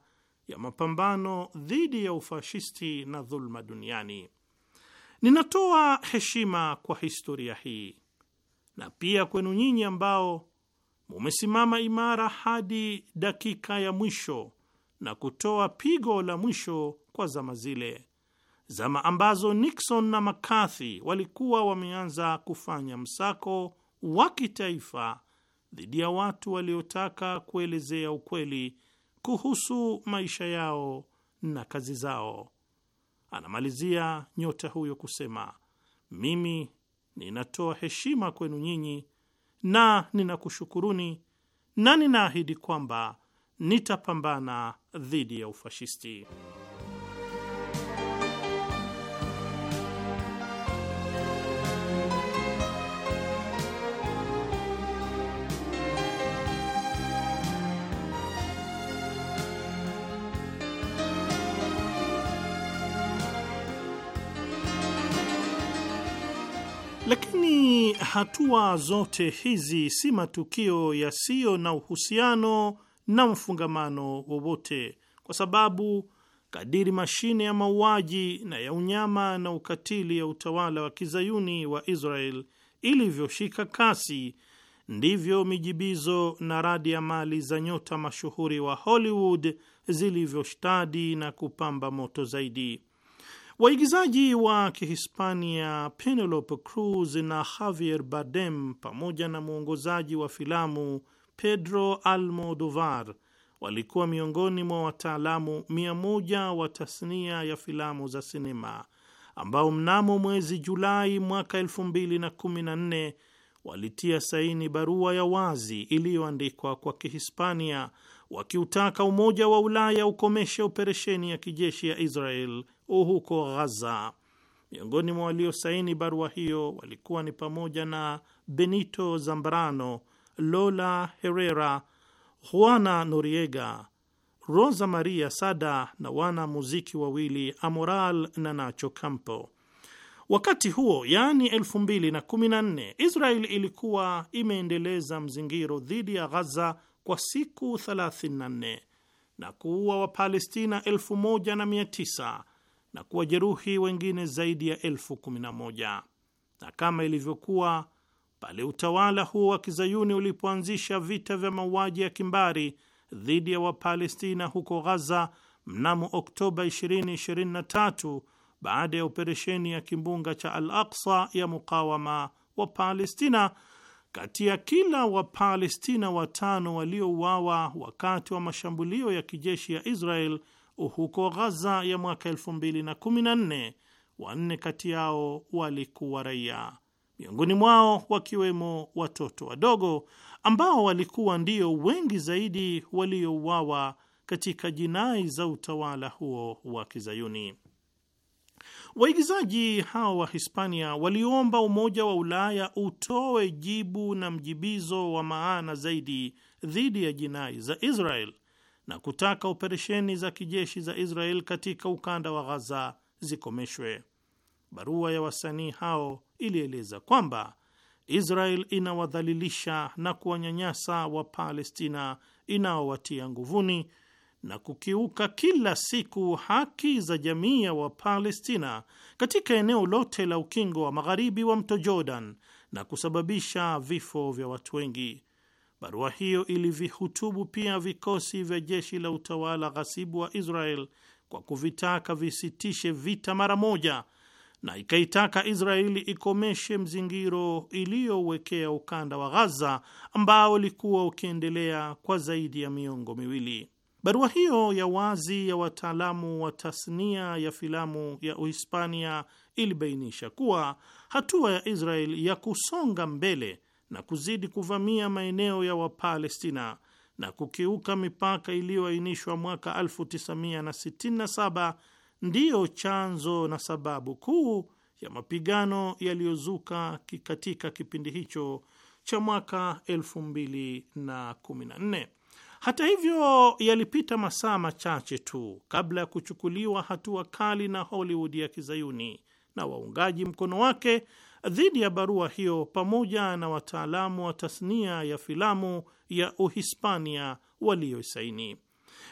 ya mapambano dhidi ya ufashisti na dhulma duniani. Ninatoa heshima kwa historia hii na pia kwenu nyinyi ambao mumesimama imara hadi dakika ya mwisho na kutoa pigo la mwisho kwa zama zile, zama ambazo Nixon na McCarthy walikuwa wameanza kufanya msako wa kitaifa dhidi ya watu waliotaka kuelezea ukweli kuhusu maisha yao na kazi zao. Anamalizia nyota huyo kusema, mimi ninatoa heshima kwenu nyinyi na ninakushukuruni na ninaahidi kwamba nitapambana dhidi ya ufashisti. hatua zote hizi si matukio yasiyo na uhusiano na mfungamano wowote, kwa sababu kadiri mashine ya mauaji na ya unyama na ukatili ya utawala wa kizayuni wa Israel ilivyoshika kasi ndivyo mijibizo na radi ya mali za nyota mashuhuri wa Hollywood zilivyoshtadi na kupamba moto zaidi. Waigizaji wa Kihispania Penelope Cruz na Javier Bardem pamoja na mwongozaji wa filamu Pedro Almodovar walikuwa miongoni mwa wataalamu mia moja wa tasnia ya filamu za sinema ambao mnamo mwezi Julai mwaka 214 walitia saini barua ya wazi iliyoandikwa kwa Kihispania wakiutaka Umoja wa Ulaya ukomeshe operesheni ya kijeshi ya Israel huko Ghaza. Miongoni mwa waliosaini barua hiyo walikuwa ni pamoja na Benito Zambrano, Lola Herrera, Juana Noriega, Rosa Maria Sada na wana muziki wawili Amoral na Nacho Campo. Wakati huo yaani 2014 Israel ilikuwa imeendeleza mzingiro dhidi ya Ghaza kwa siku 34 na kuua Wapalestina elfu na kuwajeruhi wengine zaidi ya elfu na na kama ilivyokuwa pale utawala huo wa kizayuni ulipoanzisha vita vya mauaji ya kimbari dhidi ya Wapalestina huko Ghaza mnamo Oktoba 2023 baada ya operesheni ya kimbunga cha Al Aksa ya mukawama wa Palestina kati ya kila Wapalestina watano waliouawa wakati wa mashambulio ya kijeshi ya Israel huko Ghaza ya mwaka 2014, wanne kati yao walikuwa raia, miongoni mwao wakiwemo watoto wadogo ambao walikuwa ndio wengi zaidi waliouawa katika jinai za utawala huo wa Kizayuni. Waigizaji hao wa Hispania waliomba Umoja wa Ulaya utoe jibu na mjibizo wa maana zaidi dhidi ya jinai za Israel na kutaka operesheni za kijeshi za Israel katika ukanda wa Ghaza zikomeshwe. Barua ya wasanii hao ilieleza kwamba Israel inawadhalilisha na kuwanyanyasa wapalestina inaowatia nguvuni na kukiuka kila siku haki za jamii ya Wapalestina katika eneo lote la ukingo wa magharibi wa mto Jordan na kusababisha vifo vya watu wengi. Barua hiyo ilivihutubu pia vikosi vya jeshi la utawala ghasibu wa Israel kwa kuvitaka visitishe vita mara moja, na ikaitaka Israeli ikomeshe mzingiro iliyowekea ukanda wa Ghaza ambao ulikuwa ukiendelea kwa zaidi ya miongo miwili. Barua hiyo ya wazi ya wataalamu wa tasnia ya filamu ya Uhispania ilibainisha kuwa hatua ya Israel ya kusonga mbele na kuzidi kuvamia maeneo ya Wapalestina na kukiuka mipaka iliyoainishwa mwaka 1967 ndiyo chanzo na sababu kuu ya mapigano yaliyozuka katika kipindi hicho cha mwaka 2014. Hata hivyo, yalipita masaa machache tu kabla ya kuchukuliwa hatua kali na Hollywood ya kizayuni na waungaji mkono wake dhidi ya barua hiyo pamoja na wataalamu wa tasnia ya filamu ya Uhispania walioisaini.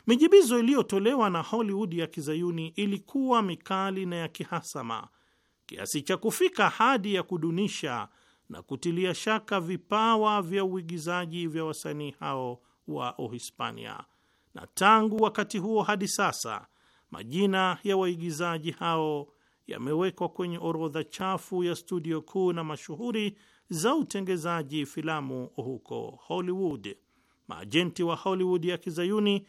Mijibizo iliyotolewa na Hollywood ya kizayuni ilikuwa mikali na ya kihasama kiasi cha kufika hadi ya kudunisha na kutilia shaka vipawa vya uigizaji vya wasanii hao wa Uhispania, na tangu wakati huo hadi sasa majina ya waigizaji hao yamewekwa kwenye orodha chafu ya studio kuu na mashuhuri za utengezaji filamu huko Hollywood. Maajenti wa Hollywood ya kizayuni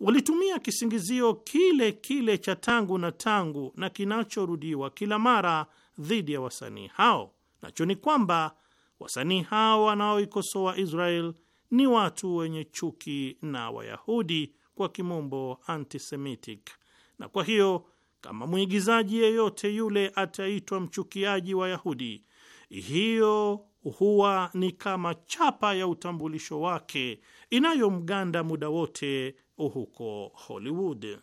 walitumia kisingizio kile kile cha tangu na tangu na kinachorudiwa kila mara dhidi ya wasanii hao, nacho ni kwamba wasanii hao wanaoikosoa Israel ni watu wenye chuki na Wayahudi, kwa kimombo antisemitic, na kwa hiyo kama mwigizaji yeyote yule ataitwa mchukiaji wa Yahudi, hiyo huwa ni kama chapa ya utambulisho wake inayomganda muda wote huko Hollywood.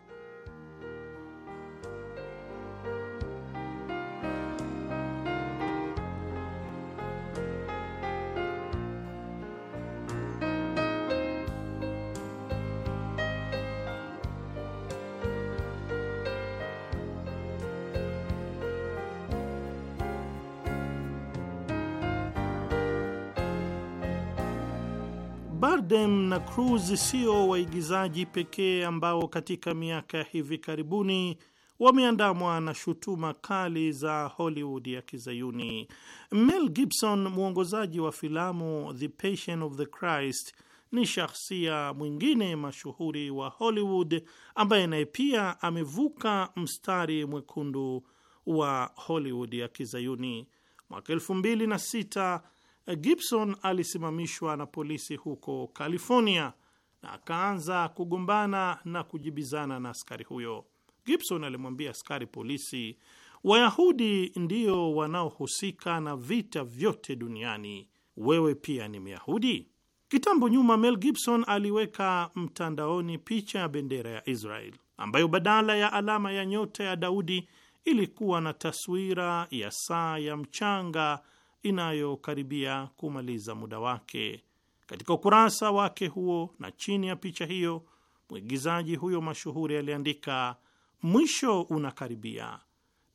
na Cruz sio waigizaji pekee ambao katika miaka ya hivi karibuni wameandamwa na shutuma kali za Hollywood ya Kizayuni. Mel Gibson, mwongozaji wa filamu The Passion of the Christ, ni shahsia mwingine mashuhuri wa Hollywood ambaye naye pia amevuka mstari mwekundu wa Hollywood ya Kizayuni. Mwaka elfu mbili na sita Gibson alisimamishwa na polisi huko California na akaanza kugombana na kujibizana na askari huyo. Gibson alimwambia askari polisi, Wayahudi ndio wanaohusika na vita vyote duniani, wewe pia ni Myahudi. Kitambo nyuma Mel Gibson aliweka mtandaoni picha ya bendera ya Israel ambayo badala ya alama ya nyota ya Daudi ilikuwa na taswira ya saa ya mchanga inayokaribia kumaliza muda wake. Katika ukurasa wake huo na chini ya picha hiyo, mwigizaji huyo mashuhuri aliandika, mwisho unakaribia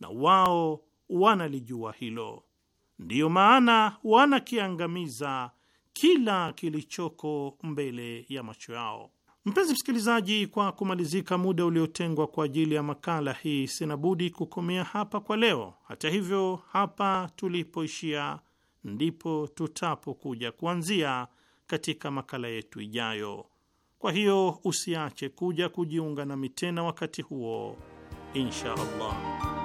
na wao wanalijua hilo, ndiyo maana wanakiangamiza kila kilichoko mbele ya macho yao. Mpenzi msikilizaji, kwa kumalizika muda uliotengwa kwa ajili ya makala hii, sina budi kukomea hapa kwa leo. Hata hivyo, hapa tulipoishia ndipo tutapokuja kuanzia katika makala yetu ijayo. Kwa hiyo usiache kuja kujiunga nami tena wakati huo, insha Allah.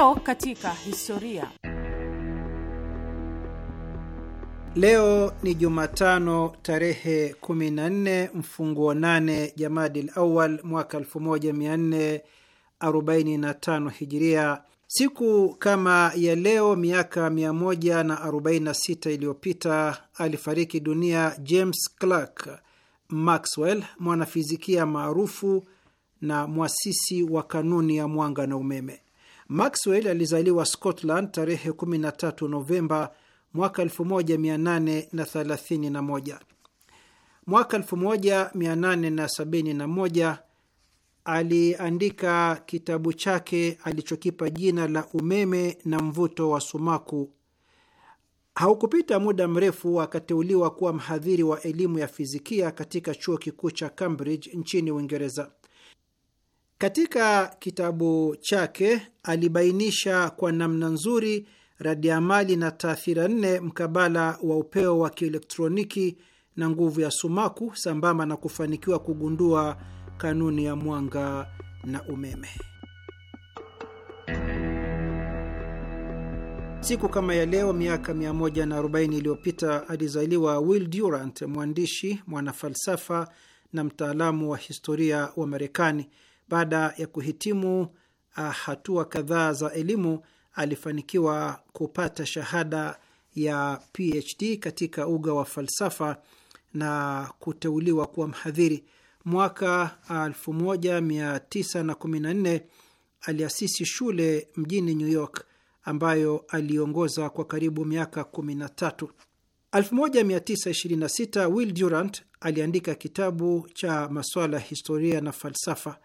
Leo katika historia. Leo ni Jumatano tarehe 14 mfunguo 8 Jamadil Awal mwaka 1445 Hijiria. Siku kama ya leo miaka 146 iliyopita alifariki dunia James Clerk Maxwell, mwanafizikia maarufu na mwasisi wa kanuni ya mwanga na umeme. Maxwell alizaliwa Scotland tarehe 13 Novemba mwaka 1831. Mwaka 1871 aliandika kitabu chake alichokipa jina la Umeme na Mvuto wa Sumaku. Haukupita muda mrefu akateuliwa kuwa mhadhiri wa elimu ya fizikia katika chuo kikuu cha Cambridge nchini Uingereza. Katika kitabu chake alibainisha kwa namna nzuri radiamali na taathira nne mkabala wa upeo wa kielektroniki na nguvu ya sumaku, sambamba na kufanikiwa kugundua kanuni ya mwanga na umeme. Siku kama ya leo miaka 140 iliyopita alizaliwa Will Durant, mwandishi, mwanafalsafa na mtaalamu wa historia wa Marekani. Baada ya kuhitimu ah, hatua kadhaa za elimu, alifanikiwa kupata shahada ya PhD katika uga wa falsafa na kuteuliwa kuwa mhadhiri. Mwaka 1914 ah, aliasisi shule mjini New York ambayo aliongoza kwa karibu miaka 13. 1926 Will Durant aliandika kitabu cha masuala ya historia na falsafa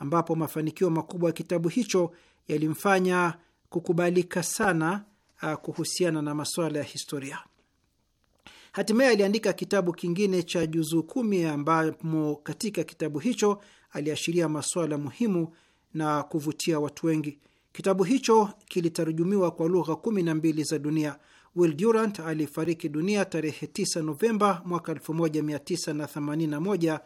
ambapo mafanikio makubwa ya kitabu hicho yalimfanya kukubalika sana uh, kuhusiana na masuala ya historia. Hatimaye aliandika kitabu kingine cha juzuu kumi ambamo katika kitabu hicho aliashiria masuala muhimu na kuvutia watu wengi. Kitabu hicho kilitarujumiwa kwa lugha kumi na mbili za dunia. Will Durant alifariki dunia tarehe 9 Novemba mwaka 1981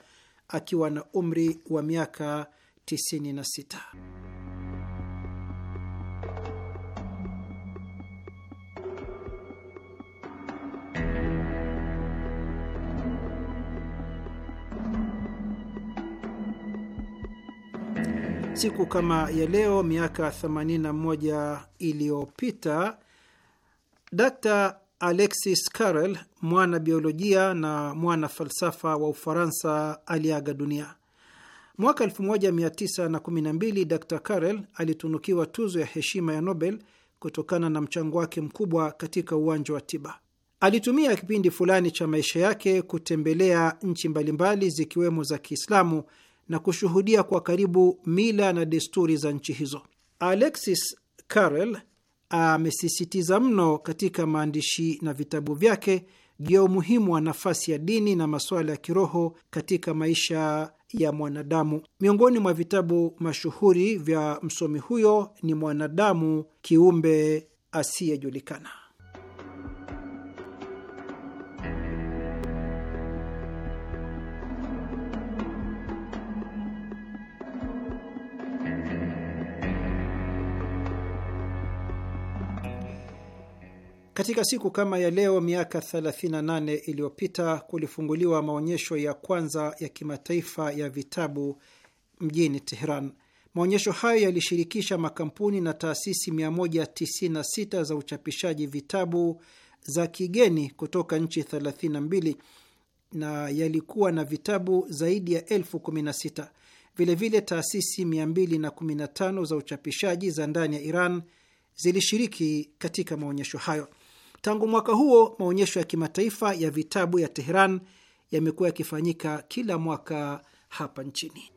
akiwa na umri wa miaka 96. Siku kama ya leo miaka 81 iliyopita Dr Alexis Carrel, mwana biolojia na mwana falsafa wa Ufaransa, aliaga dunia. Mwaka 1912 Dr Karel alitunukiwa tuzo ya heshima ya Nobel kutokana na mchango wake mkubwa katika uwanja wa tiba. Alitumia kipindi fulani cha maisha yake kutembelea nchi mbalimbali zikiwemo za Kiislamu na kushuhudia kwa karibu mila na desturi za nchi hizo. Alexis carel amesisitiza mno katika maandishi na vitabu vyake juu ya umuhimu wa nafasi ya dini na masuala ya kiroho katika maisha ya mwanadamu. Miongoni mwa vitabu mashuhuri vya msomi huyo ni Mwanadamu, kiumbe asiyejulikana. Katika siku kama ya leo miaka 38 iliyopita kulifunguliwa maonyesho ya kwanza ya kimataifa ya vitabu mjini Teheran. Maonyesho hayo yalishirikisha makampuni na taasisi 196 za uchapishaji vitabu za kigeni kutoka nchi 32 na yalikuwa na vitabu zaidi ya elfu 16. Vilevile taasisi 215 za uchapishaji za ndani ya Iran zilishiriki katika maonyesho hayo. Tangu mwaka huo maonyesho ya kimataifa ya vitabu ya Teheran yamekuwa yakifanyika kila mwaka hapa nchini.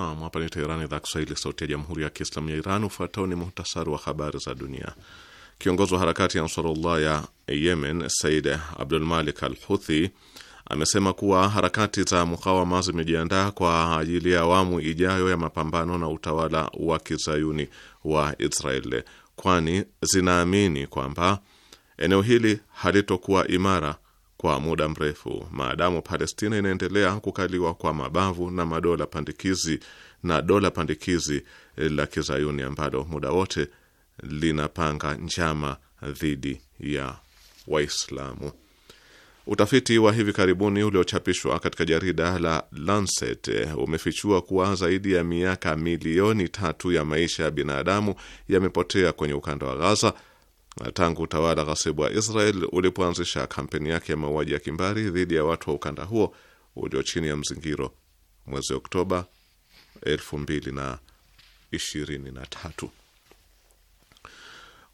Naam, hapa ni Teherani, idhaa Kiswahili, sauti ya jamhuri ya kiislamu ya Iran. Ufuatao ni muhtasari wa habari za dunia. Kiongozi wa harakati ya Ansarullah ya Yemen, Said Abdulmalik al Huthi, amesema kuwa harakati za mukawama zimejiandaa kwa ajili ya awamu ijayo ya mapambano na utawala wa kizayuni wa Israel, kwani zinaamini kwamba eneo hili halitokuwa imara kwa muda mrefu, maadamu Palestina inaendelea kukaliwa kwa mabavu na madola pandikizi na dola pandikizi eh, la kizayuni ambalo muda wote linapanga njama dhidi ya Waislamu. Utafiti wa hivi karibuni uliochapishwa katika jarida la Lancet eh, umefichua kuwa zaidi ya miaka milioni tatu ya maisha ya binadamu yamepotea kwenye ukanda wa Gaza tangu utawala ghasibu wa Israel ulipoanzisha kampeni yake ya mauaji ya kimbari dhidi ya watu wa ukanda huo ulio chini ya mzingiro mwezi Oktoba 2023.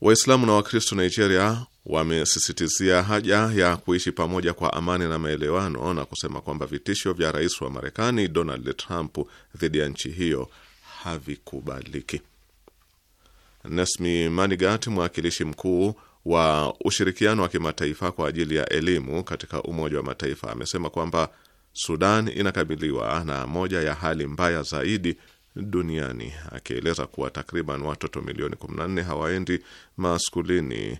Waislamu na Wakristo Nigeria wamesisitizia haja ya kuishi pamoja kwa amani na maelewano na kusema kwamba vitisho vya rais wa Marekani Donald Trump dhidi ya nchi hiyo havikubaliki. Nesmi Manigat, mwakilishi mkuu wa ushirikiano wa kimataifa kwa ajili ya elimu katika Umoja wa Mataifa, amesema kwamba Sudan inakabiliwa na moja ya hali mbaya zaidi duniani, akieleza kuwa takriban watoto milioni 14 hawaendi maskulini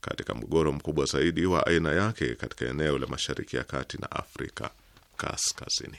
katika mgogoro mkubwa zaidi wa aina yake katika eneo la Mashariki ya Kati na Afrika Kaskazini.